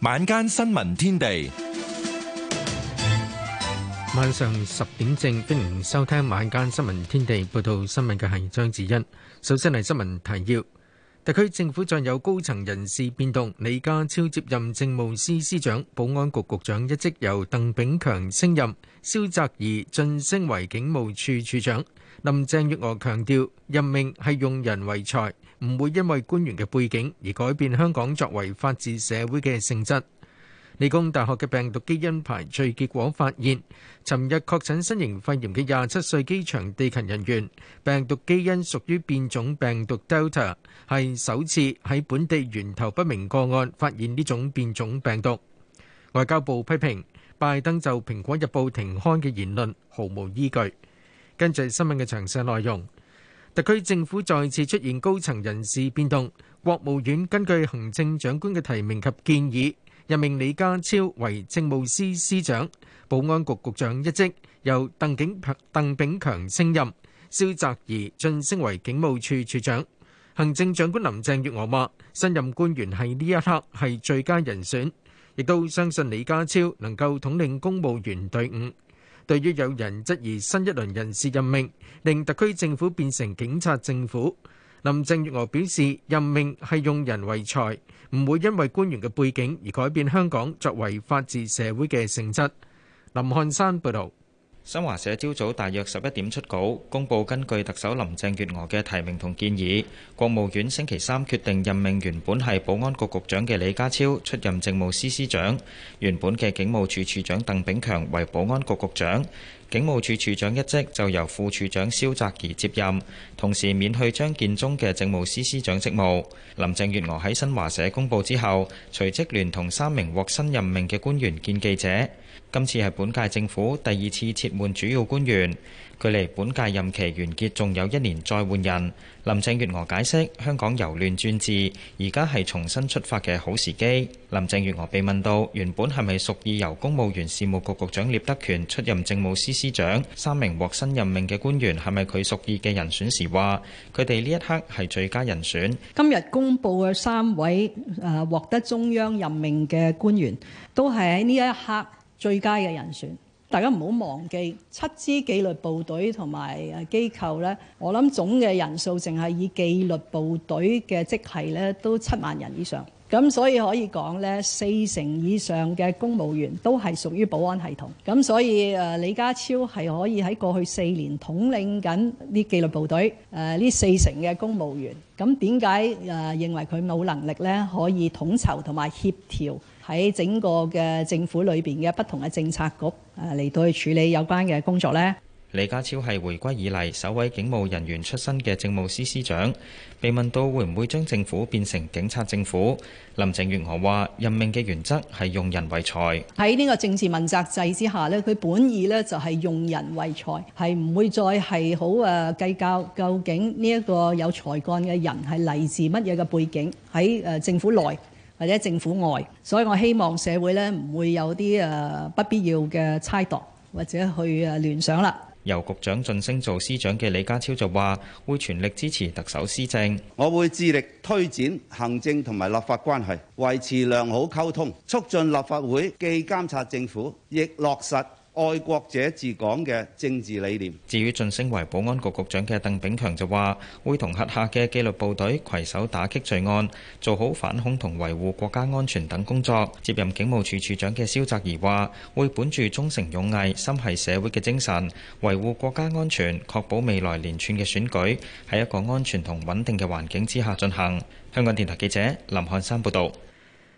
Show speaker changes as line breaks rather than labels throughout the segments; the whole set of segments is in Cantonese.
晚間
新聞天地，晚上十點正，歡迎收聽晚間新聞天地。報道新聞嘅係張子欣。首先係新聞提要：特區政府再有高層人事變動，李家超接任政務司司長，保安局局長一職由鄧炳強升任，蕭澤頤晉升為警務處處長。林鄭月娥強調，任命係用人為才。唔會因為官員嘅背景而改變香港作為法治社會嘅性質。理工大學嘅病毒基因排序結果發現，尋日確診新型肺炎嘅廿七歲機場地勤人員，病毒基因屬於變種病毒 Delta，係首次喺本地源頭不明個案發現呢種變種病毒。外交部批評拜登就《蘋果日報》停刊嘅言論毫無依據。跟住新聞嘅詳細內容。特區政府再次出現高層人事變動，國務院根據行政長官嘅提名及建議，任命李家超為政務司司長，保安局局長一職由鄧景鄧炳強升任，蕭澤頤晉升為警務處處長。行政長官林鄭月娥話：新任官員係呢一刻係最佳人選，亦都相信李家超能夠統領公務員隊伍。對於有人質疑新一輪人事任命，令特區政府變成警察政府，林鄭月娥表示，任命係用人為才，唔會因為官員嘅背景而改變香港作為法治社會嘅性質。林漢山報導。新華社朝早
大約十一點出稿，公布根據特首林鄭月娥嘅提名同建議，國務院星期三決定任命原本係保安局局長嘅李家超出任政務司司長，原本嘅警務處處長鄧炳強為保安局局長，警務處處長一職就由副處長蕭澤頤接任，同時免去張建宗嘅政務司司長職務。林鄭月娥喺新華社公布之後，隨即聯同三名獲新任命嘅官員見記者。今次係本屆政府第二次撤換主要官員，距離本屆任期完結仲有一年再換人。林鄭月娥解釋：香港由亂轉治，而家係重新出發嘅好時機。林鄭月娥被問到原本係咪屬意由公務員事務局局長聶德權出任政務司司長，三名獲新任命嘅官員係咪佢屬意嘅人選時，話佢哋呢一刻係最佳人選。
今日公佈嘅三位誒獲得中央任命嘅官員，都係喺呢一刻，最佳嘅人選，大家唔好忘記七支紀律部隊同埋誒機構咧，我諗總嘅人數淨係以紀律部隊嘅職系咧，都七萬人以上，咁所以可以講咧，四成以上嘅公務員都係屬於保安系統，咁所以誒、呃、李家超係可以喺過去四年統領緊啲紀律部隊誒呢四成嘅公務員，咁點解誒認為佢冇能力咧可以統籌同埋協調。喺整個嘅政府裏邊嘅不同嘅政策局，誒嚟到去處理有關嘅工作呢。
李家超係回歸以嚟首位警務人員出身嘅政務司司長。被問到會唔會將政府變成警察政府，林鄭月娥話：任命嘅原則係用人唯才。
喺呢個政治問責制之下呢，佢本意呢就係用人唯才，係唔會再係好誒計較究竟呢一個有才幹嘅人係嚟自乜嘢嘅背景喺誒政府內或者政府外，所以我希望社會呢唔會有啲誒不必要嘅猜度或者去誒聯想啦。
由局長晉升做司長嘅李家超就話：會全力支持特首施政，
我會致力推展行政同埋立法關係，維持良好溝通，促進立
法會既監察政府，亦落實愛國者治港嘅政治理念。
至於晉升為保安局局長嘅鄧炳強就話，會同轄下嘅紀律部隊攜手打擊罪案，做好反恐同維護國家安全等工作。接任警務處處長嘅蕭澤頤話，會本住忠誠勇毅、心繫社會嘅精神，維護國家安全，確保未來連串嘅選舉喺一個安全同穩定嘅環境之
下進行。香港電台記者林漢山報導。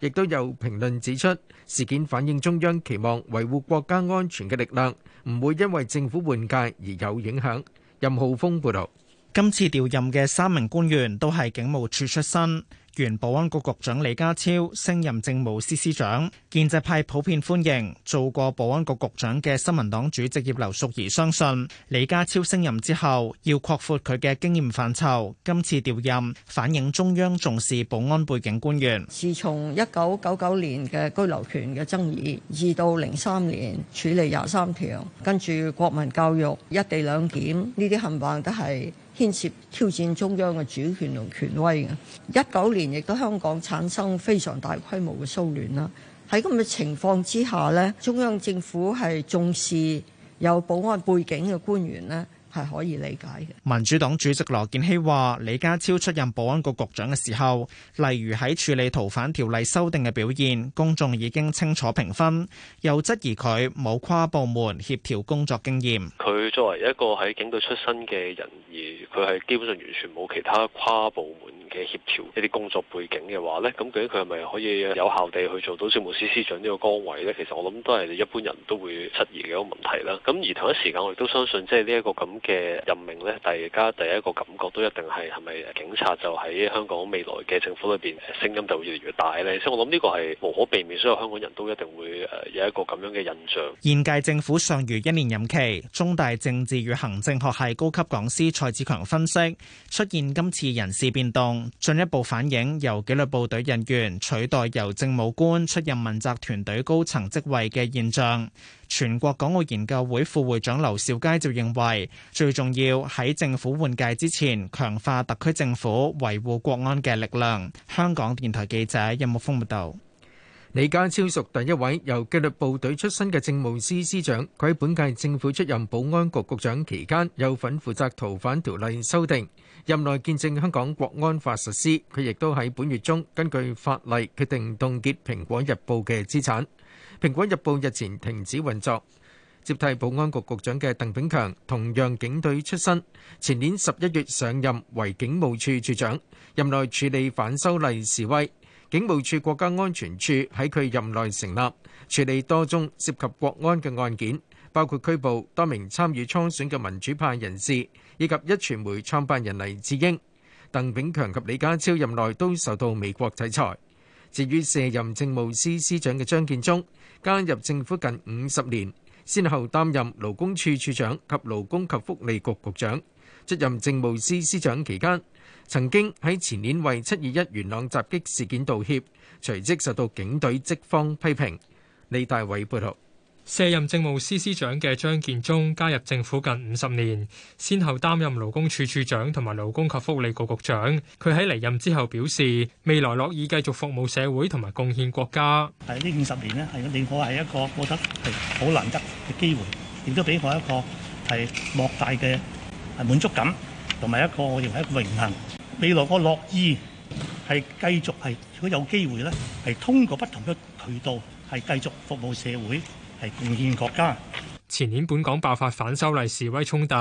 亦都有評論指出，事件反映中央期望維護國家安全嘅力量唔會因為政府換屆而有影響。任浩峰報導，今次調任嘅三名官員都
係警務處出身。原保安局局長李家超升任政務司司長，建制派普遍歡迎。做過保安局局長嘅新民黨主席葉劉淑儀相信，李家超升任之後要擴闊佢嘅經驗範疇。今次調任反映中央重視保安背景官員。
自從一九九九年嘅居留權嘅爭議，二到零三年處理廿三條，跟住國民教育一地兩檢呢啲，冚唪唥都係。牽涉挑戰中央嘅主權同權威嘅，一九年亦都香港產生非常大規模嘅騷亂啦。喺咁嘅情況之下咧，中央政府係重視有保安背景嘅官員咧。係可以理解
嘅。民主黨主席羅健熙話，李家超出任保安局局長嘅時候，例如喺處理逃犯條例修訂嘅表現，公眾已經清楚評分，又質疑佢冇跨部門協調工作經驗。
佢作為一個喺警隊出身嘅人，而佢係基本上完全冇其他跨部門嘅協調一啲工作背景嘅話呢，咁究竟佢係咪可以有效地去做到政務司司長呢個崗位呢？其實我諗都係一般人都會質疑嘅一個問題啦。咁而同一時間，我亦都相信即係呢一個咁嘅任命呢，大家第一個感覺都一定係係咪警察就喺香港未來嘅政府裏邊聲音就會越嚟越大呢？所以我諗呢個係無可避免，所有香港人都一定會誒有一個咁樣嘅印象。
現屆政府尚餘一年任期，中大政治與行政學系高級講師蔡志強分析，出現今次人事變動，進一步反映由紀律部隊人員取代由政務官出任問責團隊高層職位嘅現象。全國港澳研究會副會長劉兆佳就認為，最重要喺政府換屆之前，強化特區政府維
護國安嘅力量。香港電台記者任木豐報道。李家超屬第一位由紀律部隊出身嘅政務司司長，佢喺本屆政府出任保安局局長期間，有份負責逃犯條例修訂。任內見證香港國安法實施，佢亦都喺本月中根據法例決定凍結《蘋果日報》嘅資產，《蘋果日報》日前停止運作。接替保安局局長嘅鄧炳強同樣警隊出身，前年十一月上任為警務處處長，任內處理反修例示威，警務處國家安全處喺佢任內成立，處理多宗涉及國安嘅案件。包括拘捕多名參與初選嘅民主派人士，以及一傳媒創辦人黎智英、鄧炳強及李家超任內都受到美國制裁。至於卸任政務司司長嘅張建宗，加入政府近五十年，先後擔任勞工處處長及勞工及福利局局長。出任政務司司長期間，曾經喺前年為七二一元朗襲擊事件道歉，隨即受到警隊職方批
評。李大偉報導。卸任政務司司長嘅張建宗加入政府近五十年，先後擔任勞工處處長同埋勞工及福利局局長。佢喺離任之後表示，未來樂意繼續服務社會同埋貢獻國家。係呢五十年咧，係令我係一個，我覺得係好難得嘅機會，亦都俾我一個係
莫大嘅係滿足感，同埋一個我認為一個榮幸。未來我樂意係繼續係，如果有機會咧，係通過不同嘅渠道
係繼續服務社會。係共建國家。前年本港爆發反修例示威衝突，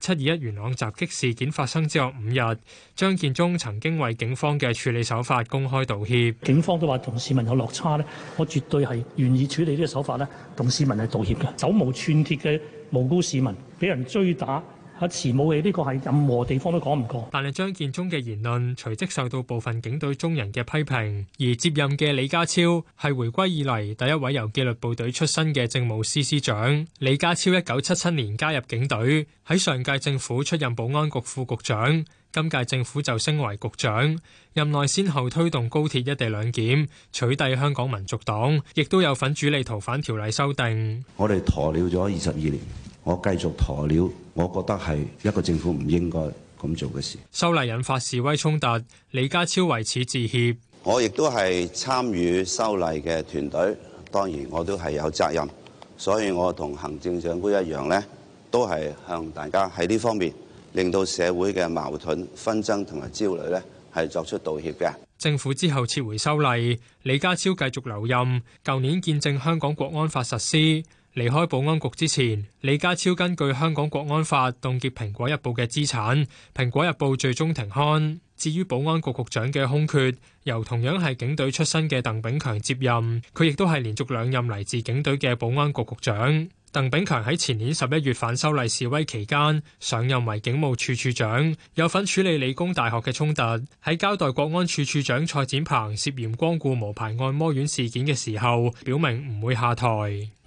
七二一元朗襲擊事件發生之後五日，張建忠曾經為警方嘅處理手法公開道歉。
警方都話同市民有落差咧，我絕對係願意處理呢個手法咧，同市民係道歉嘅。手無寸鐵嘅無辜市民俾人追打。阿慈母嘅呢個係任何地方都講唔過，
但係張建宗嘅言論隨即受到部分警隊中人嘅批評。而接任嘅李家超係回歸以嚟第一位由紀律部隊出身嘅政務司司長。李家超一九七七年加入警隊，喺上屆政府出任保安局副局長，今屆政府就升為局長。任內先後推動高鐵一地兩檢，取締香港民族黨，亦都有份主理逃犯條例修訂。
我哋鴕鳥咗二十二年。我繼續陀料，我覺得係一個政府唔應該咁做嘅事。
修例引發示威衝突，
李家超為此致歉。我亦都係參與修例嘅團隊，當然我都係有責任，所以我同行政長官一樣呢，都係向大家喺呢方面令到社會嘅矛盾、紛爭同埋焦慮呢係作出道歉嘅。
政府之後撤回修例，李家超繼續留任。舊年見證香港國安法實施。離開保安局之前，李家超根據《香港國安法》凍結《蘋果日報》嘅資產，《蘋果日報》最終停刊。至於保安局局長嘅空缺，由同樣係警隊出身嘅鄧炳強接任，佢亦都係連續兩任嚟自警隊嘅保安局局長。鄧炳強喺前年十一月反修例示威期間上任為警務處處長，有份處理理工大學嘅衝突。喺交代國安處處長蔡展鵬涉嫌光顧無牌按摩院事件嘅時候，表明唔會下台。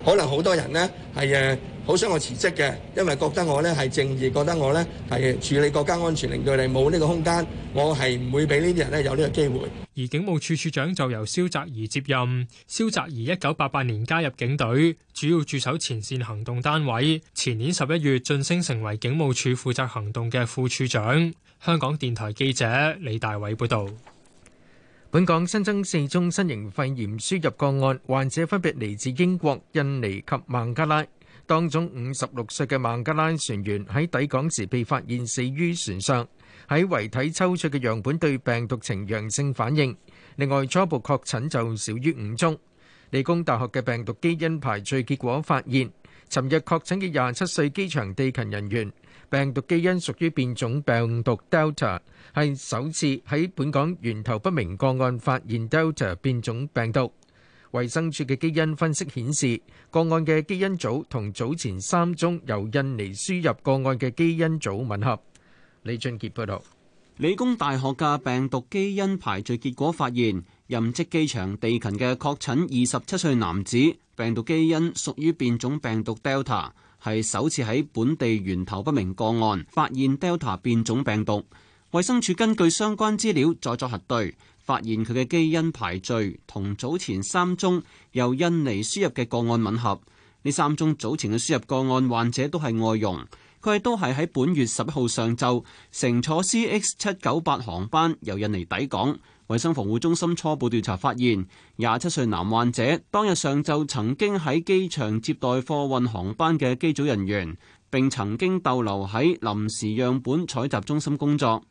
可能好多人呢係誒，好想我辭職嘅，因為覺得我呢係正義，覺得我呢係處理國家安全，令到你冇呢個空間，我係唔會
俾呢啲人呢有呢個機會。而警務處處長就由蕭澤頤接任。蕭澤頤一九八八年加入警隊，主要駐守前線行動單位。前年十一月晉升成為警務處負責行動嘅副處長。香港電台記者李大偉報道。本港新增四宗新型肺炎輸入個案，患者
分別嚟自英國、印尼及孟加拉。當中五十六歲嘅孟加拉船員喺抵港時被發現死於船上。喺遺體抽出嘅樣本對病毒呈陽性反應。另外，初步確診就少於五宗。理工大學嘅病毒基因排序結果發現，尋日確診嘅廿七歲機場地勤人員，病毒基因屬於變種病毒 Delta，係首次喺本港源頭不明個案發現 Delta 變種病毒。衛生署嘅基因分析顯示，個案嘅基因組同早前三宗由印尼輸入個案嘅基因組吻合。李俊杰報道，理工大學嘅病
毒基因排序結果發現，任職機場地勤嘅確診二十七歲男子病毒基因屬於變種病毒 Delta，係首次喺本地源頭不明個案發現 Delta 變種病毒。衛生署根據相關資料再作核對，發現佢嘅基因排序同早前三宗由印尼輸入嘅個案吻合。呢三宗早前嘅輸入個案患者都係外傭。佢都係喺本月十一號上晝乘坐 CX 七九八航班由印尼抵港。衛生防護中心初步調查發現，廿七歲男患者當日上晝曾經喺機場接待貨運航班嘅機組人員，並曾經逗留喺臨時樣本採集中心工作。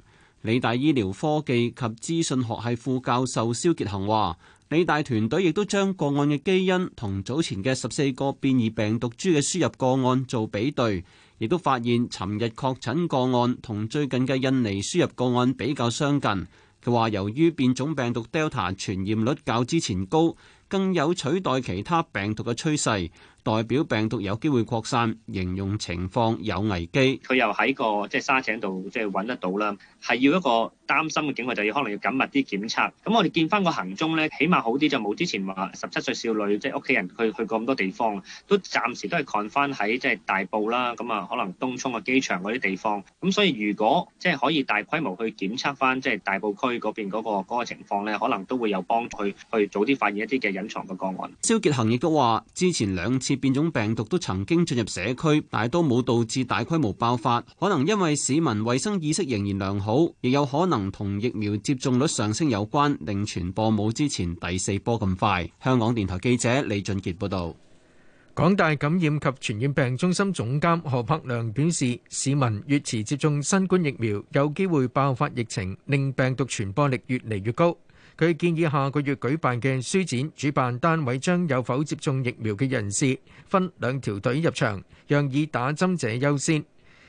理大醫療科技及資訊學系副教授蕭傑恒話，理大團隊亦都將個案嘅基因同早前嘅十四個變異病毒株嘅輸入個案做比對。亦都發現，尋日確診個案同最近嘅印尼輸入個案比較相近。佢話，由於變種病毒 Delta 傳染率較之前高，更有取代其他病毒嘅趨勢。代表病毒有機會擴散，形容情況有危
機。佢又喺個即係、就是、沙井度即係揾得到啦，係要一個擔心嘅情況，就要、是、可能要緊密啲檢測。咁我哋見翻個行蹤咧，起碼好啲就冇之前話十七歲少女即係屋企人去去過咁多地方，都暫時都係看翻喺即係大埔啦。咁啊，可能東涌嘅機場嗰啲地方。咁所以如果即係、就是、可以大規模去檢測翻即係大埔區嗰邊嗰、那個、那個情況咧，可能都會有幫助去早啲發現一啲嘅隱藏嘅個案。
蕭傑恒亦都話：之前兩次。變種病毒都曾經進入社區，但都冇導致大規模爆發，可能因為市民衛生意識仍然良好，亦有可能同疫苗接種率上升有關，令傳播冇之前第四波咁快。香港電台記者李
俊杰報道。港大感染及傳染病中心總監何柏良表示，市民越遲接種新冠疫苗，有機會爆發疫情，令病毒傳播力越嚟越高。佢建議下個月舉辦嘅書展，主辦單位將有否接種疫苗嘅人士分兩條隊入場，讓已打針者優先。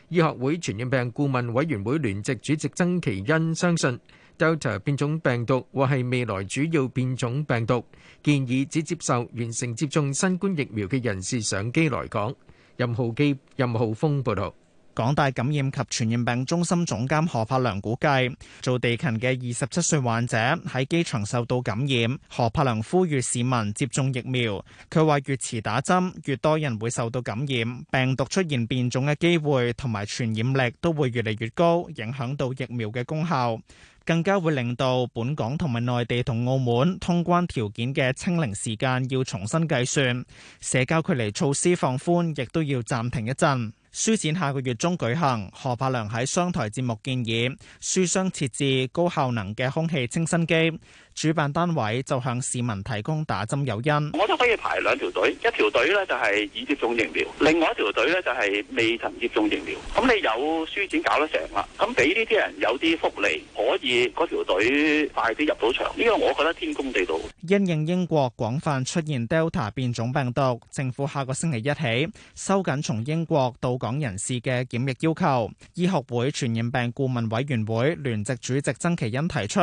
醫學會傳染病顧問委員會聯席主席曾其恩相信 Delta 變種病毒或係未來主要變種病毒，建議只接受完成接種新冠疫苗嘅人士上機來港。任浩基、任浩峰報道。
港大感染及傳染病中心總監何柏良估計做地勤嘅二十七歲患者喺機場受到感染。何柏良呼籲市民接種疫苗，佢話越遲打針越多人會受到感染，病毒出現變種嘅機會同埋傳染力都會越嚟越高，影響到疫苗嘅功效，更加會令到本港同埋內地同澳門通關條件嘅清零時間要重新計算，社交距離措施放寬亦都要暫停一陣。書展下個月中舉行，何柏良喺商台節目建議書商設置高效能嘅空氣清新機。主辦單位就向市民提供打針誘因，我
都可以排兩條隊，一條隊呢就係已接種疫苗，另外一條隊呢就係未曾接種疫苗。咁你有書展搞得成啦，咁俾呢啲人有啲福利，可以嗰條隊快啲入到場。呢個我覺得天公地道。
因應英國廣泛出現 Delta 變種病毒，政府下個星期一起收緊從英國到港人士嘅檢疫要求。醫學會傳染病顧問委員會聯席主席曾祈殷提出，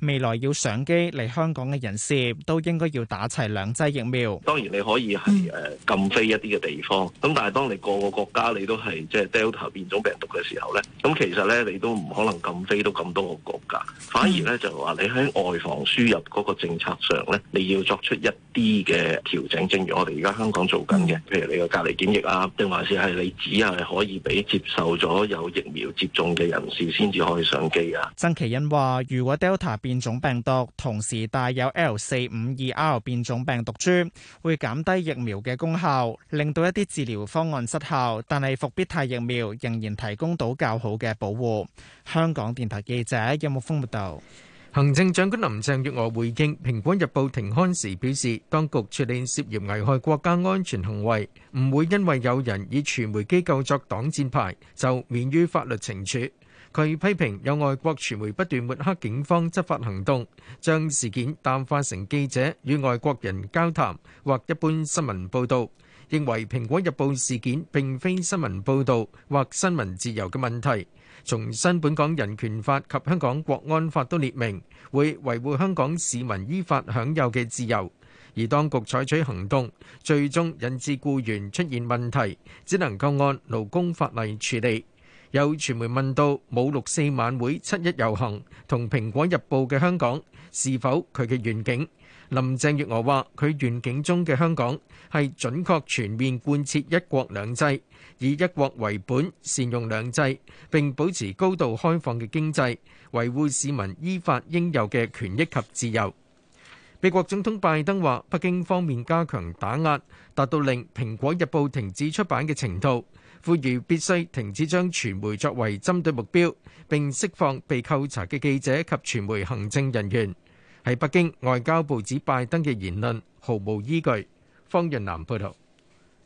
未來要上。嚟香港嘅人士都應該要打齊兩劑疫苗。
當然你可以係誒、呃、禁飛一啲嘅地方，咁但係當你個個國家你都係即係、就是、Delta 變種病毒嘅時候咧，咁其實咧你都唔可能禁飛到咁多個國家，反而咧就話你喺外防輸入嗰個政策上咧，你要作出一啲嘅調整，正如我哋而家香港做緊嘅，譬如你個隔離檢疫啊，定還是係你只係可以俾接受咗有疫苗接種嘅人士先至可以上機啊。
曾奇欣話，如果 Delta 變種病毒同時帶有 L 四五二 R 變種病毒株，會減低疫苗嘅功效，令到一啲治療方案失效，但係復必泰疫苗
仍然提供到較好嘅保護。香港電台記者任木風報道。行政長官林鄭月娥回應《蘋果日報》停刊時表示，當局處理涉嫌危害國家安全行為，唔會因為有人以傳媒機構作擋箭牌就免於法律懲處。佢批評有外國傳媒不斷抹黑警方執法行動，將事件淡化成記者與外國人交談或一般新聞報導，認為《蘋果日報》事件並非新聞報導或新聞自由嘅問題。重申本港人權法及香港國安法都列明，會維護香港市民依法享有嘅自由。而當局採取行動，最終引致僱員出現問題，只能夠按勞工法例處理。有傳媒問到冇六四晚會、七一遊行同《蘋果日報》嘅香港，是否佢嘅願景？林鄭月娥話：佢願景中嘅香港係準確全面貫徹一國兩制，以一國為本，善用兩制，並保持高度開放嘅經濟，維護市民依法應有嘅權益及自由。美國總統拜登話：北京方面加強打壓，達到令《蘋果日報》停止出版嘅程度，呼籲必須停止將傳媒作為針對目標，並釋放被扣查嘅記者及傳媒行政人員。喺北京，外交部指拜登嘅言論毫無依據。方潤南報道，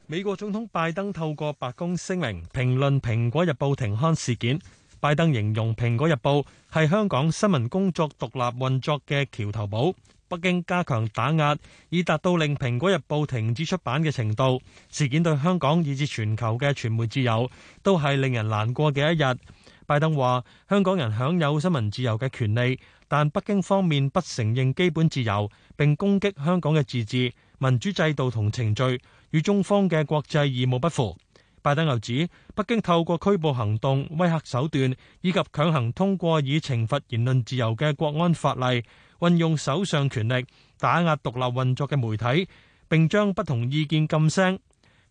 美國總統拜登透過白宮聲明評論《蘋果日報》停刊事件。拜登形容《蘋果日報》係香港新聞工作獨立運作嘅橋頭堡。北京加強打壓，以達到令《蘋果日報》停止出版嘅程度。事件對香港以至全球嘅傳媒自由，都係令人難過嘅一日。拜登話：香港人享有新聞自由嘅權利，但北京方面不承認基本自由，並攻擊香港嘅自治、民主制度同程序，與中方嘅國際義務不符。拜登又指，北京透過拘捕行動、威嚇手段以及強行通過以懲罰言論自由嘅國安法例，運用手上權力打壓獨立運作嘅媒體，並將不同意見噤聲。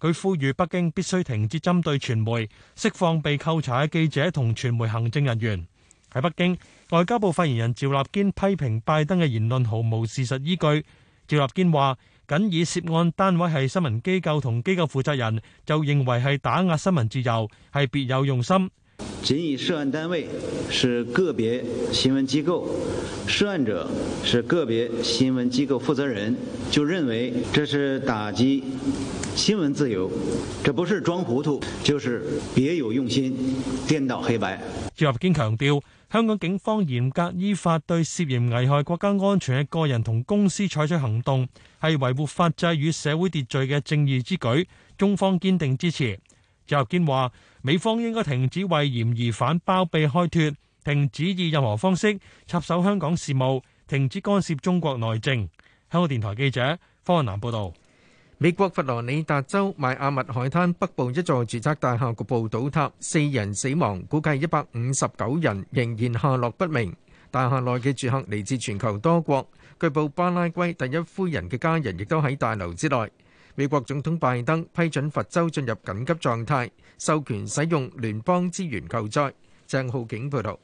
佢呼籲北京必須停止針對傳媒，釋放被扣查嘅記者同傳媒行政人員。喺北京，外交部發言人趙立堅批評拜登嘅言論毫無事實依據。趙立堅話：僅以涉案單位係新聞機構同機構負責人，就認為係打壓新聞自由，係別有用心。
僅以涉案單位是個別新聞機構，涉案者是個別新聞機構負責人，就認為這是打擊新聞自由，這不是裝糊塗，就是別有用心，顛倒黑白。
趙合堅強調，香港警方嚴格依法對涉嫌危害國家安全嘅個人同公司採取行動，係維護法制與社會秩序嘅正義之舉，中方堅定支持。趙合堅話。美方應該停止為嫌疑犯包庇開脫，停止以任何方式插手香港
事務，停止干涉中國內政。香港電台記者方雲南報導，美國佛羅里達州邁阿密海灘北部一座住宅大廈局部倒塌，四人死亡，估計一百五十九人仍然下落不明。大廈內嘅住客嚟自全球多國，據報巴拉圭第一夫人嘅家人亦都喺大樓之內。美國總統拜登批准佛州進入緊急狀態，授權使用聯邦資源救災。鄭浩景報道。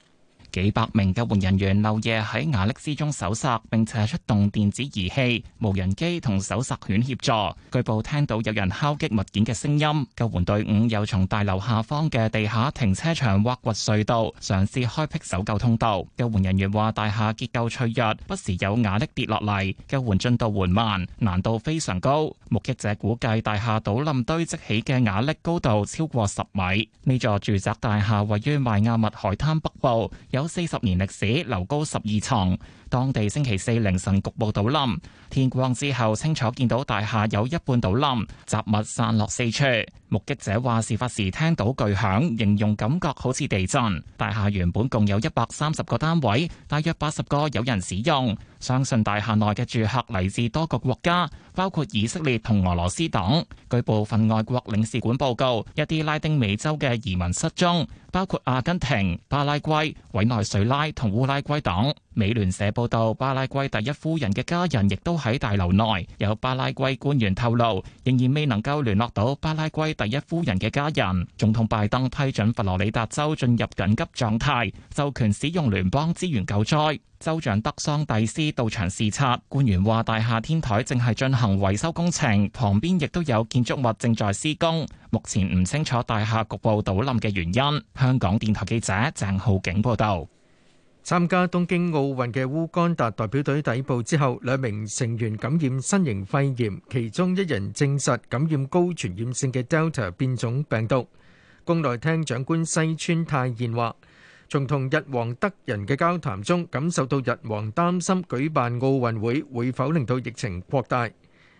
幾百名救援人員漏夜喺
瓦礫之中搜查，並且出動電子儀器、無人機同搜查犬協助。據報聽到有人敲擊物件嘅聲音。救援隊伍又從大樓下方嘅地下停車場挖掘隧道，嘗試開闢搜救通道。救援人員話：大廈結構脆弱，不時有瓦礫跌落嚟。救援進度緩慢，難度非常高。目擊者估計大廈倒冧堆積起嘅瓦礫高度超過十米。呢座住宅大廈位於邁亞密海灘北部，有四十年歷史，樓高十二層，當地星期四凌晨局部倒冧，天光之後清楚見到大廈有一半倒冧，雜物散落四處。目擊者話：事發時聽到巨響，形容感覺好似地震。大廈原本共有一百三十個單位，大約八十個有人使用。相信大廈內嘅住客嚟自多個國家，包括以色列同俄羅斯等。據部分外國領事館報告，一啲拉丁美洲嘅移民失蹤，包括阿根廷、巴拉圭、委內瑞拉同烏拉圭等。美聯社報導，巴拉圭第一夫人嘅家人亦都喺大樓內。有巴拉圭官員透露，仍然未能夠聯絡到巴拉圭第一夫人嘅家人，總統拜登批准佛羅里達州進入緊急狀態，授權使用聯邦資源救災。州長德桑蒂斯到場視察，官員話大廈天台正係進行維修工程，旁邊亦都有建築物正在施工。目前唔清楚大廈局部倒冧嘅原
因。香港電台記者鄭浩景報道。參加東京奧運嘅烏干達代表隊抵步之後，兩名成員感染新型冠肺炎，其中一人證實感染高傳染性嘅 Delta 變種病毒。宮內廳長官西村泰彥話，從同日皇德仁嘅交談中，感受到日皇擔心舉辦奧運會會否令到疫情擴大。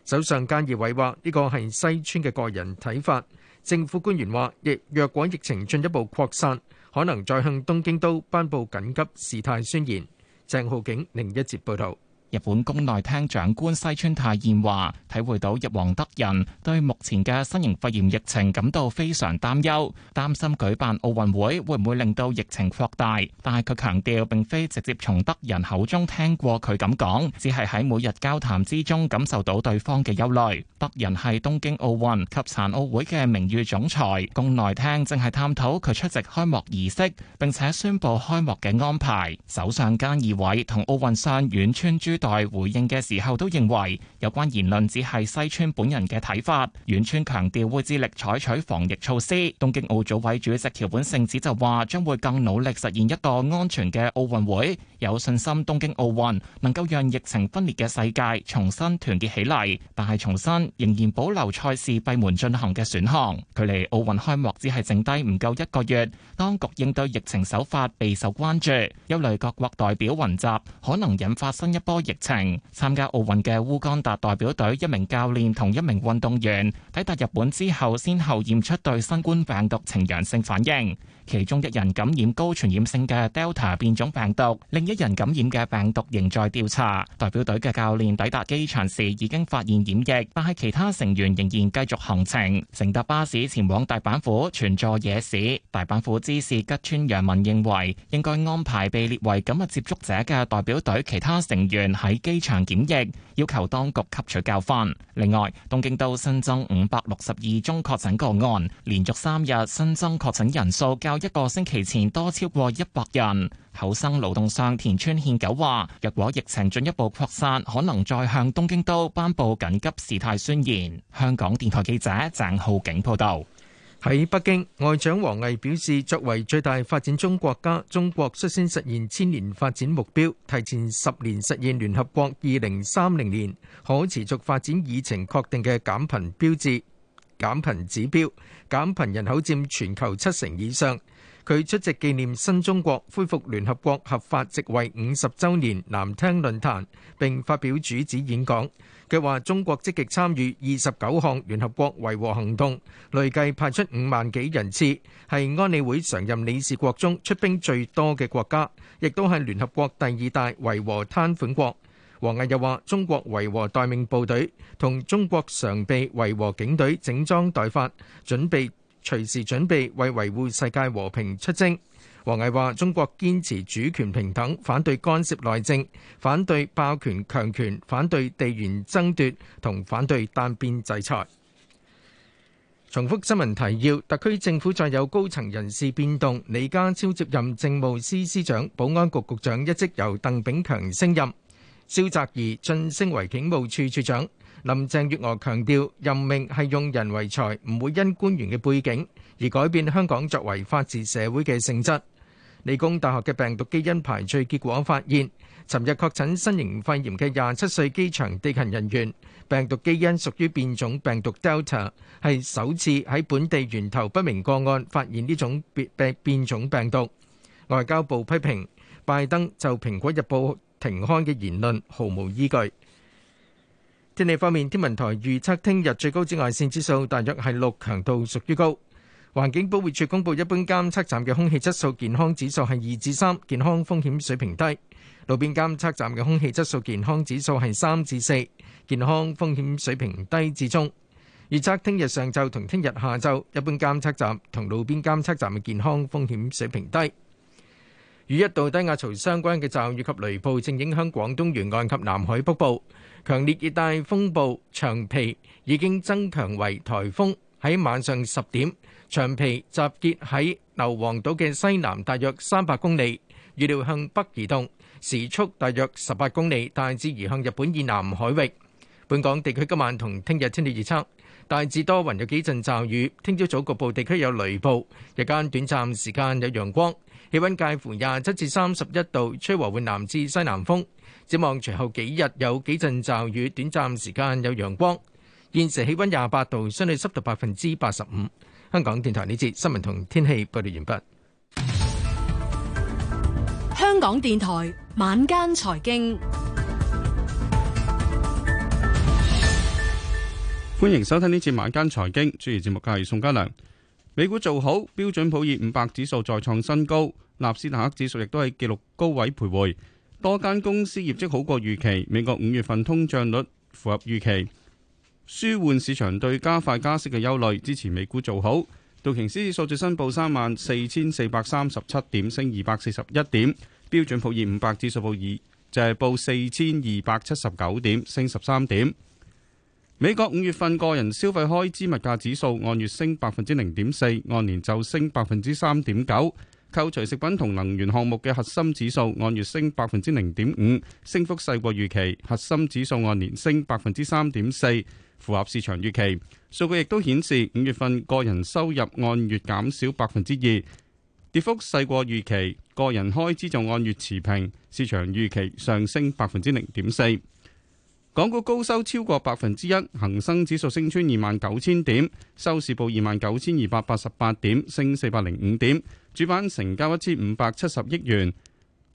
首相菅義偉話，呢個係西村嘅個人睇法。政府官員話，若若果疫情進一步擴散，可能再向東京都頒布緊急事態宣言。鄭浩景另一節報導。日本宮內廳長官西村泰彥話，體會到日皇
德仁對目前嘅新型肺炎疫情感到非常擔憂，擔心舉辦奧運會會唔會令到疫情擴大。但係佢強調，並非直接從德人口中聽過佢咁講，只係喺每日交談之中感受到對方嘅憂慮。德仁係東京奧運及殘奧會嘅名譽總裁，宮內廳正係探討佢出席開幕儀式並且宣布開幕嘅安排。首相菅義偉同奧運相丸川珠。代回應嘅時候都認為有關言論只係西村本人嘅睇法。遠村強調會致力採取防疫措施。東京奧組委主席橋本聖子就話將會更努力實現一個安全嘅奧運會，有信心東京奧運能夠讓疫情分裂嘅世界重新團結起嚟。但係重申仍然保留賽事閉門進行嘅選項。距離奧運開幕只係剩低唔夠一個月，當局應對疫情手法備受關注。憂慮各國代表雲集，可能引發新一波。疫情。參加奧運嘅烏干達代表隊，一名教練同一名運動員抵達日本之後，先後驗出對新冠病毒呈陽性反應。其中一人感染高傳染性嘅 Delta 變種病毒，另一人感染嘅病毒仍在調查。代表隊嘅教練抵達機場時已經發現染疫，但係其他成員仍然繼續行程，乘搭巴士前往大阪府泉佐野市。大阪府知事吉村洋文認為應該安排被列為緊密接觸者嘅代表隊其他成員喺機場檢疫，要求當局吸取教訓。另外，東京都新增五百六十二宗確診個案，連續三日新增確診人數較一個星期前多超過一百人。厚生勞動相田村憲久話：若果疫情進一步擴散，可能再向東京都頒布緊急事態宣言。
香港電台記者鄭浩景報道。喺北京，外長王毅表示：作為最大發展中國家，中國率先實現千年發展目標，提前十年實現聯合國二零三零年可持續發展議程確定嘅減貧標誌。減貧指標，減貧人口佔全球七成以上。佢出席紀念新中國恢復聯合國合法席位五十周年南聽論壇並發表主旨演講。佢話：中國積極參與二十九項聯合國維和行動，累計派出五萬幾人次，係安理會常任理事國中出兵最多嘅國家，亦都係聯合國第二大維和攤款國。王毅又話：中國維和待命部隊同中國常備維和警隊整裝待發，準備隨時準備為維護世界和平出征。王毅話：中國堅持主權平等，反對干涉內政，反對霸權強權，反對地緣爭奪，同反對單邊制裁。重複新聞提要：特區政府再有高層人士變動，李家超接任政務司司長，保安局局長一職由鄧炳強升任。蕭澤頤晉升為警務處處長。林鄭月娥強調，任命係用人為才，唔會因官員嘅背景而改變香港作為法治社會嘅性質。理工大學嘅病毒基因排序結果發現，尋日確診新型肺炎嘅廿七歲機場地勤人員，病毒基因屬於變種病毒 Delta，係首次喺本地源頭不明個案發現呢種變變變種病毒。外交部批評拜登就《蘋果日報》。停刊嘅言論毫無依據。天氣方面，天文台預測聽日最高紫外線指數大約係六，強度屬於高。環境保護署公布，一般監測站嘅空氣質素健康指數係二至三，健康風險水平低；路邊監測站嘅空氣質素健康指數係三至四，健康風險水平低至中。預測聽日上晝同聽日下晝，一般監測站同路邊監測站嘅健康風險水平低。與一道低壓槽相關嘅驟雨及雷暴正影響廣東沿岸及南海北部。強烈熱帶風暴長皮已經增強為颱風，喺晚上十點，長皮集結喺硫磺島嘅西南，大約三百公里，預料向北移動，時速大約十八公里，大致移向日本以南海域。本港地區今晚同聽日天氣預測，大致多雲有幾陣驟雨，聽朝早局部地區有雷暴，日間短暫時間有陽光。氣溫介乎廿七至三十一度，吹和緩南至西南風。展望隨後幾日有幾陣驟雨，短暫時間有陽光。現時氣溫廿八度，相對濕度百分之八十五。香港電台呢節新聞同天氣報道完畢。
香港電台晚間財經，
歡迎收聽呢次晚間財經，主持節目嘅係宋家良。美股做好，標準普爾五百指數再創新高，納斯達克指數亦都係紀錄高位徘徊。多間公司業績好過預期，美國五月份通脹率符合預期，舒緩市場對加快加息嘅憂慮，支持美股做好。道瓊斯指數新報三萬四千四百三十七點，升二百四十一點。標準普爾五百指數報二就係報四千二百七十九點，升十三點。美國五月份個人消費開支物價指數按月升百分之零點四，按年就升百分之三點九。扣除食品同能源項目嘅核心指數按月升百分之零點五，升幅細過預期。核心指數按年升百分之三點四，符合市場預期。數據亦都顯示五月份個人收入按月減少百分之二，跌幅細過預期。個人開支就按月持平，市場預期上升百分之零點四。港股高收超過百分之一，恒生指數升穿二萬九千點，收市報二萬九千二百八十八點，升四百零五點。主板成交一千五百七十億元。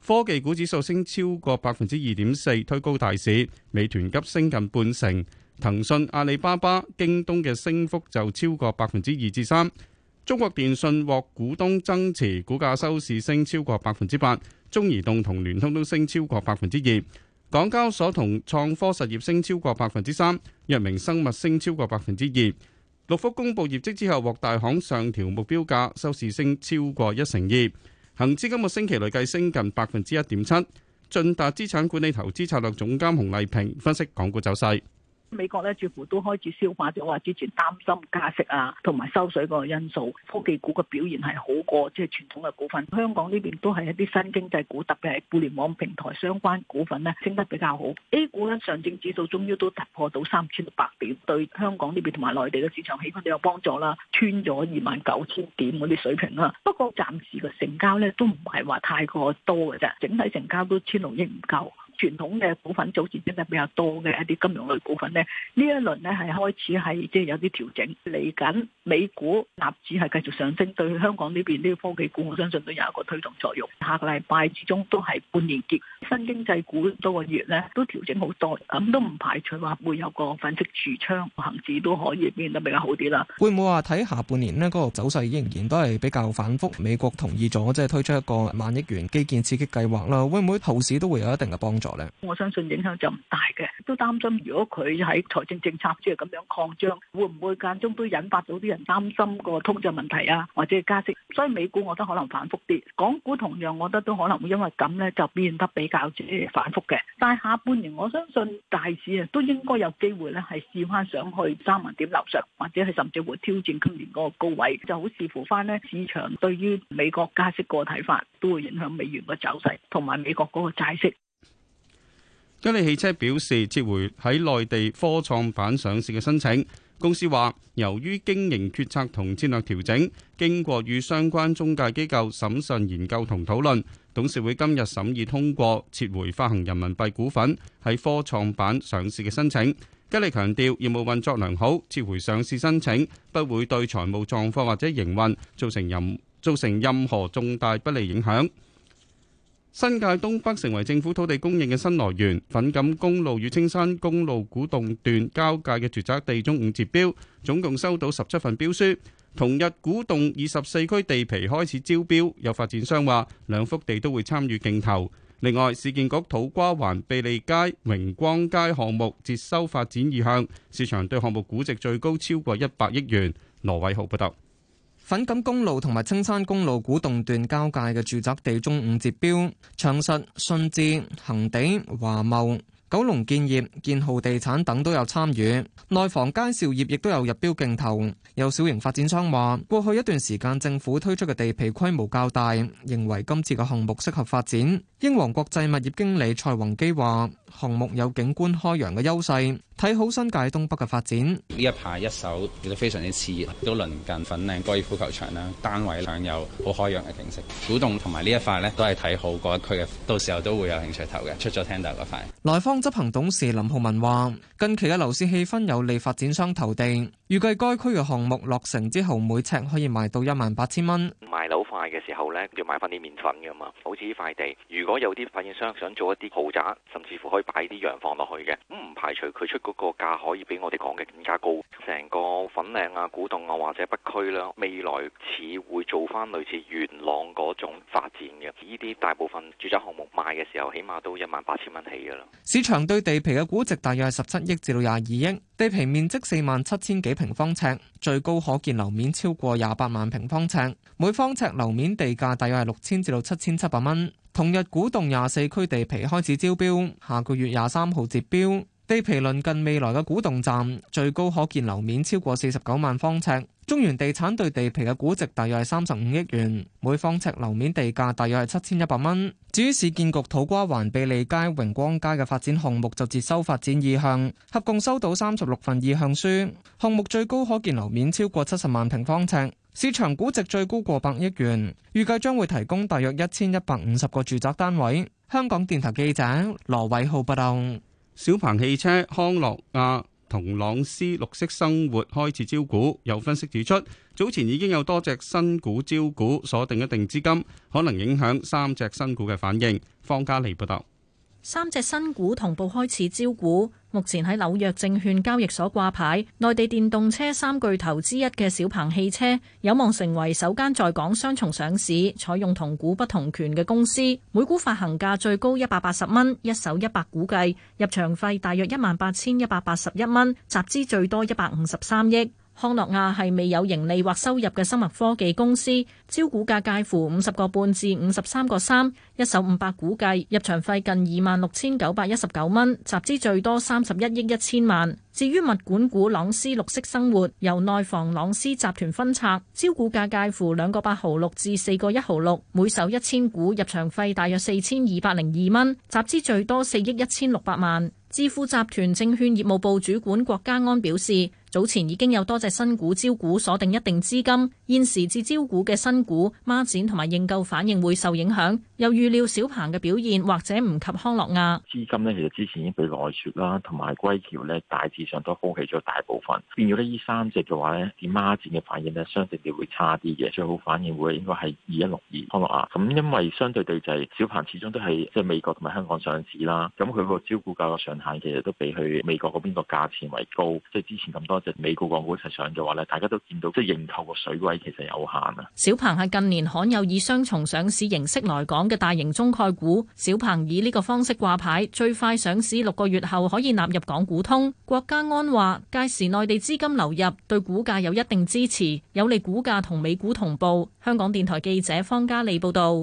科技股指數升超過百分之二點四，推高大市。美團急升近半成，騰訊、阿里巴巴、京東嘅升幅就超過百分之二至三。中國電信獲股東增持，股價收市升超過百分之八。中移動同聯通都升超過百分之二。港交所同創科實業升超過百分之三，藥明生物升超過百分之二，六福公布業績之後獲大行上調目標價，收市升超過一成二。恒指今個星期累計升近百分之一點七。駿達資產管理投資策略總監洪麗萍分析港股走勢。
美國咧似乎都開始消化咗，話之前擔心加息啊，同埋收水嗰個因素，科技股嘅表現係好過即係傳統嘅股份。香港呢邊都係一啲新經濟股，特別係互聯網平台相關股份咧升得比較好。A 股咧上證指數終於都突破到三千六百點，對香港呢邊同埋內地嘅市場氣氛都有幫助啦，穿咗二萬九千點嗰啲水平啦。不過暫時嘅成交咧都唔係話太過多嘅啫，整體成交都千六億唔夠。傳統嘅股份早前真係比較多嘅一啲金融類股份咧，呢一輪咧係開始係即係有啲調整。嚟緊美股納指係繼續上升，對香港呢邊呢個科技股我相信都有一個推動作用。下個禮拜始終都係半年結，新經濟股多個月咧都調整好多，咁都唔排除話會有個粉飾櫥窗行市都可以變得比較好啲啦。
會唔會話睇下半年呢嗰、那個走勢仍然都係比較反覆？美國同意咗即係推出一個萬億元基建刺激計劃啦，會唔會後市都會有一定嘅幫助？
我相信影響就唔大嘅，都擔心如果佢喺財政政策即係咁樣擴張，會唔會間中都引發到啲人擔心個通脹問題啊，或者加息？所以美股我覺得可能反覆啲，港股同樣我覺得都可能會因為咁呢，就變得比較即反覆嘅。但係下半年我相信大市啊，都應該有機會呢，係試翻上去三萬點樓上，或者係甚至會挑戰今年個高位。就好視乎翻呢市場對於美國加息個睇法，都會影響美元個走勢同埋美國個債息。
吉利汽車表示，撤回喺內地科創板上市嘅申請。公司話，由於經營決策同戰略調整，經過與相關中介機構審慎研究同討論，董事會今日審議通過撤回發行人民幣股份喺科創板上市嘅申請。吉利強調，業務運作良好，撤回上市申請不會對財務狀況或者營運造成任造成任何重大不利影響。新界東北成為政府土地供應嘅新來源，粉錦公路與青山公路古洞段交界嘅住宅地中午截標，總共收到十七份標書。同日，古洞二十四區地皮開始招標，有發展商話兩幅地都會參與競投。另外，市建局土瓜灣庇利街榮光街項目接收發展意向，市場對項目估值最高超過一百億元。羅偉豪報道。
粉錦公路同埋青山公路古洞段交界嘅住宅地中午截標，長實、信置、恒地、華茂、九龍建業、建浩地產等都有參與。內房佳兆業亦都有入標競投。有小型發展商話，過去一段時間政府推出嘅地皮規模較大，認為今次嘅項目適合發展。英皇國際物業經理蔡宏基話。項目有景觀開揚嘅優勢，睇好新界東北嘅發展。
呢一排一手亦都非常之熾熱，都鄰近粉嶺高爾夫球場啦，單位享有好開揚嘅景色。股東同埋呢一塊咧都係睇好嗰一區嘅，到時候都會有興趣投嘅。出咗 tender 嗰塊。
萊坊執行董事林浩文話：近期嘅樓市氣氛有利發展商投地，預計該區嘅項目落成之後，每呎可以賣到一萬八千蚊。
賣樓塊嘅時候呢，要買翻啲麵粉㗎嘛，好似呢塊地，如果有啲發展商想做一啲豪宅，甚至乎，可以擺啲洋房落去嘅，唔排除佢出嗰個價可以比我哋講嘅更加高。成個粉嶺啊、古洞啊或者北區啦，未來似會做翻類似元朗嗰種發展嘅。呢啲大部分住宅項目賣嘅時候，起碼都一萬八千蚊起噶啦。
市場對地皮嘅估值大約係十七億至到廿二億，地皮面積四萬七千幾平方尺，最高可建樓面超過廿八萬平方尺，每方尺樓面地價大約係六千至到七千七百蚊。同日，古洞廿四區地皮開始招標，下個月廿三號截標。地皮鄰近未來嘅古洞站，最高可建樓面超過四十九萬方尺。中原地產對地皮嘅估值大約係三十五億元，每方尺樓面地價大約係七千一百蚊。至於市建局土瓜灣庇利街、榮光街嘅發展項目就接收發展意向，合共收到三十六份意向書。項目最高可建樓面超過七十萬平方尺。市場估值最高過百億元，預計將會提供大約一千一百五十個住宅單位。香港電台記者羅偉浩報導。
小鵬汽車、康樂亞同朗斯綠色生活開始招股，有分析指出，早前已經有多隻新股招股鎖定一定資金，可能影響三隻新股嘅反應。方嘉利報導。
三隻新股同步開始招股，目前喺紐約證券交易所掛牌，內地電動車三巨頭之一嘅小鵬汽車有望成為首間在港雙重上市、採用同股不同權嘅公司，每股發行價最高一百八十蚊，一手一百股計，入場費大約一萬八千一百八十一蚊，集資最多一百五十三億。康諾亞係未有盈利或收入嘅生物科技公司，招股價介乎五十個半至五十三個三，一手五百股計，入場費近二萬六千九百一十九蚊，集資最多三十一億一千萬。至於物管股朗詩綠色生活，由內房朗詩集團分拆，招股價介乎兩個八毫六至四個一毫六，每手一千股，入場費大約四千二百零二蚊，集資最多四億一千六百萬。智富集團證券業務部主管郭家安表示。早前已經有多隻新股招股鎖定一定資金，現時至招股嘅新股孖展同埋認購反應會受影響。又預料小鵬嘅表現或者唔及康諾亞
資金咧，其實之前已經被內説啦，同埋歸橋咧，大致上都高起咗大部分。變咗呢，呢三隻嘅話咧，點孖展嘅反應咧，相對地會差啲嘅。最好反應會應該係二一六二康諾亞咁，因為相對地就係小鵬始終都係即係美國同埋香港上市啦。咁佢個招股價嘅上限其實都比佢美國嗰邊個價錢為高。即係之前咁多隻美國港股一齊上嘅話咧，大家都見到即係認購個水位其實有限啊。
小鵬係近年罕有以雙重上市形式來講。嘅大型中概股小鵬以呢個方式掛牌，最快上市六個月後可以納入港股通。國家安話屆時內地資金流入對股價有一定支持，有利股價同美股同步。香港電台記者方嘉利報道：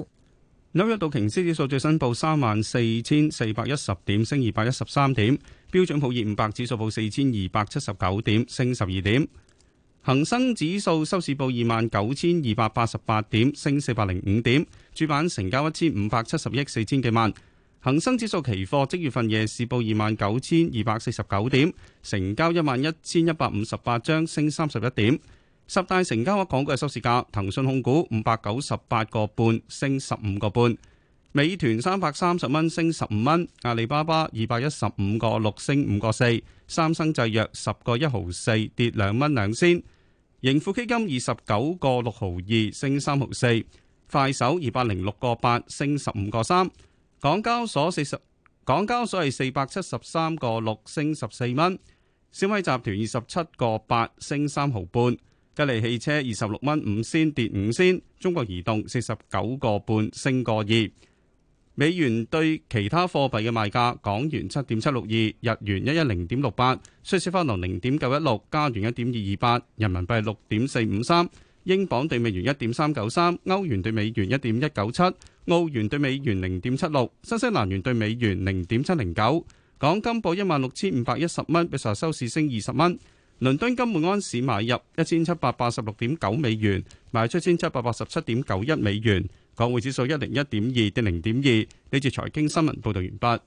紐約道瓊斯指數最新報三萬四千四百一十點，升二百一十三點；標準普爾五百指數報四千二百七十九點，升十二點。恆生指數收市報二萬九千二百八十八點，升四百零五點。主板成交一千五百七十億四千幾萬。恆生指數期貨即月份夜市報二萬九千二百四十九點，成交一萬一千一百五十八張，升三十一點。十大成交額港股嘅收市價：騰訊控股五百九十八個半，升十五個半；美團三百三十蚊，升十五蚊；阿里巴巴二百一十五個六，升五個四；三生製藥十個一毫四，跌兩蚊兩仙。盈富基金二十九個六毫二升三毫四，快手二百零六個八升十五個三，港交所四十港交所係四百七十三個六升十四蚊，小米集團二十七個八升三毫半，吉利汽車二十六蚊五仙跌五仙，中國移動四十九個半升個二。美元對其他貨幣嘅賣價：港元七點七六二，日元一一零點六八，瑞士法郎零點九一六，加元一點二二八，人民幣六點四五三，英鎊對美元一點三九三，歐元對美元一點一九七，澳元對美元零點七六，新西蘭元對美元零點七零九。港金報一萬六千五百一十蚊，比上收市升二十蚊。倫敦金每安士買入一千七百八十六點九美元，賣出一千七百八十七點九一美元。港匯指數一零一點二跌零點二。呢節財經新聞報道完畢，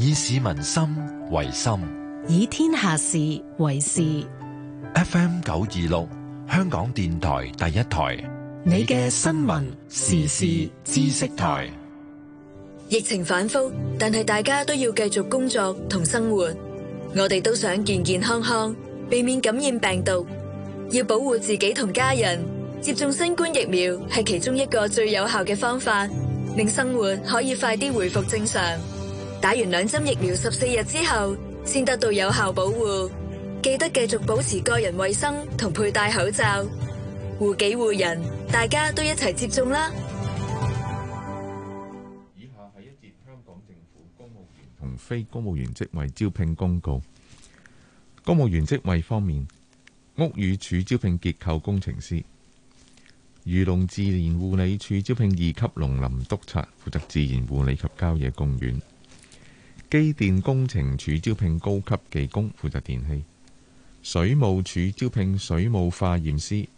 以市民心為心，
以天下事為事。FM 九二六，香港電台第一台，
你嘅新
聞時事知識台。
疫情反復，但係大家都要繼續工作同生活。我哋都想健健康康，避免感染病毒，要保護自己同家人。接種新冠疫苗係其中一個最有效嘅方法，令生活可以快啲回復正常。打完兩針疫苗十四日之後，先得到有效保護。記得繼續保持個人衛生同佩戴口罩，護己護人，大家都一齊接
種啦。以
下係一節香港政府公務員同非公務員職位招聘公告。公務員職位方面，屋宇署招聘結構工程師。漁農自然護理署招聘二級農林督察，負責自然護理及郊野公園；機電工程署招聘高級技工，負責電器；水務署招聘水務化驗師，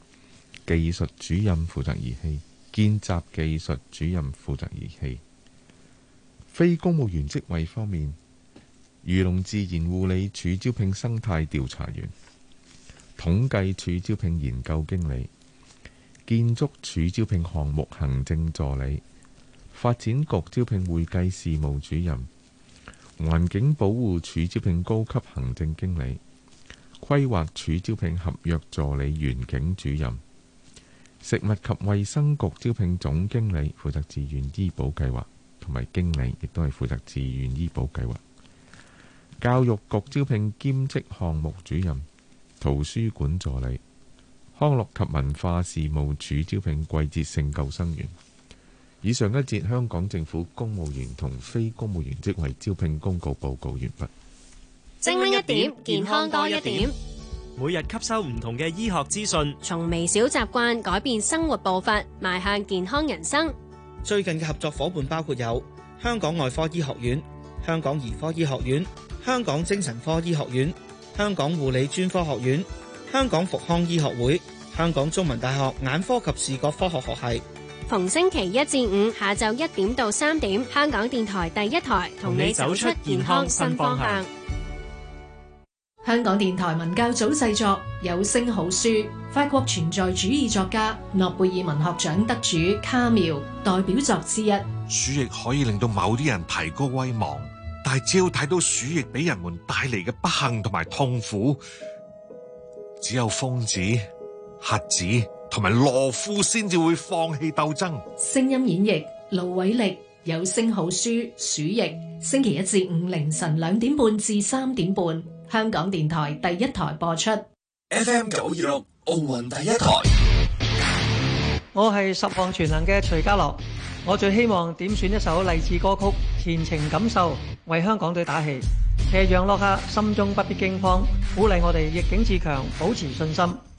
技術主任負責儀器，見習技術主任負責儀器。非公務員職位方面，漁農自然護理署招聘生態調查員，統計署招聘研究經理。建築署招聘項目行政助理，發展局招聘會計事務主任，環境保護署招聘高級行政經理，規劃署招聘合約助理園警主任，食物及衛生局招聘總經理負責自願醫保計劃，同埋經理亦都係負責自願醫保計劃。教育局招聘兼職項目主任，圖書館助理。康樂及文化事務署招聘季節性救生員。以上一節香港政府公務員同非公務員職位招聘公告報告完畢。
精一點，健康多一點。每日吸收唔同嘅醫學資訊，從
微小習慣改變生活步伐，邁向健康人生。
最近嘅合作夥伴包括有香港外科醫學院、香港兒科醫學院、香港精神科醫學院、香港護理專科學院、香港復康醫學會。香港中文大學眼科及視覺科學學系，
逢星期一至五下晝一點到三點，香港電台第一台同你走出
健康新方向。方向
香港電台文教組製作有聲好書，法國存在主義作家、諾貝爾文學獎得主卡繆代表作之一。
鼠疫可以令到某啲人提高威望，但係只要睇到鼠疫俾人們帶嚟嘅不幸同埋痛苦，只有瘋子。核子同埋懦夫先至會放棄鬥爭。
聲音演繹盧偉力，有聲好書鼠疫，星期一至五凌晨兩點半至三點半，香港電台第一台播出。
FM 九二六，奧運第一台。
我係十項
全能嘅徐家樂，我最希望點選一首勵志歌曲，前程感受為香港隊打氣，斜陽落下，心中不必驚慌，鼓勵我哋逆境自強，保持信心。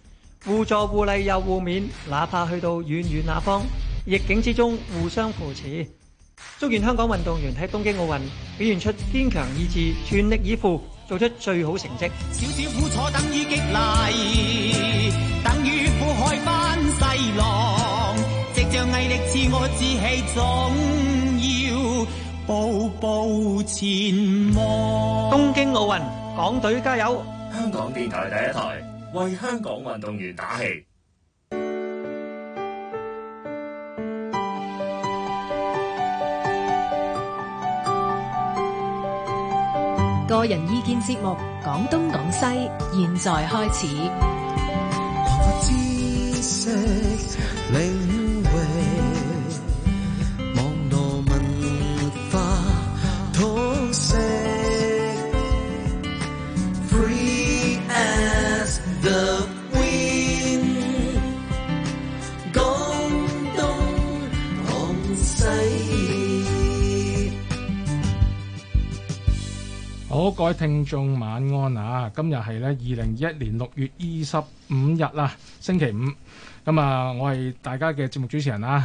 互助互利，又互勉，哪怕去到遠遠那方，逆境之中互相扶持。祝願香港運動員喺東京奧運表現出堅強意志，全力以赴，做出最好成績。少
少苦楚等於激勵，等於苦海翻細浪，藉著毅力恃我志氣，總要步步
前望。東京奧運，港隊加油！
香港電台第一台。為香港運動員打氣。
個人意見節目，講東講西，現在開始。
各位聽眾晚安啊！今日係咧二零二一年六月二十五日啦，星期五。咁、嗯、啊，我係大家嘅節目主持人啦。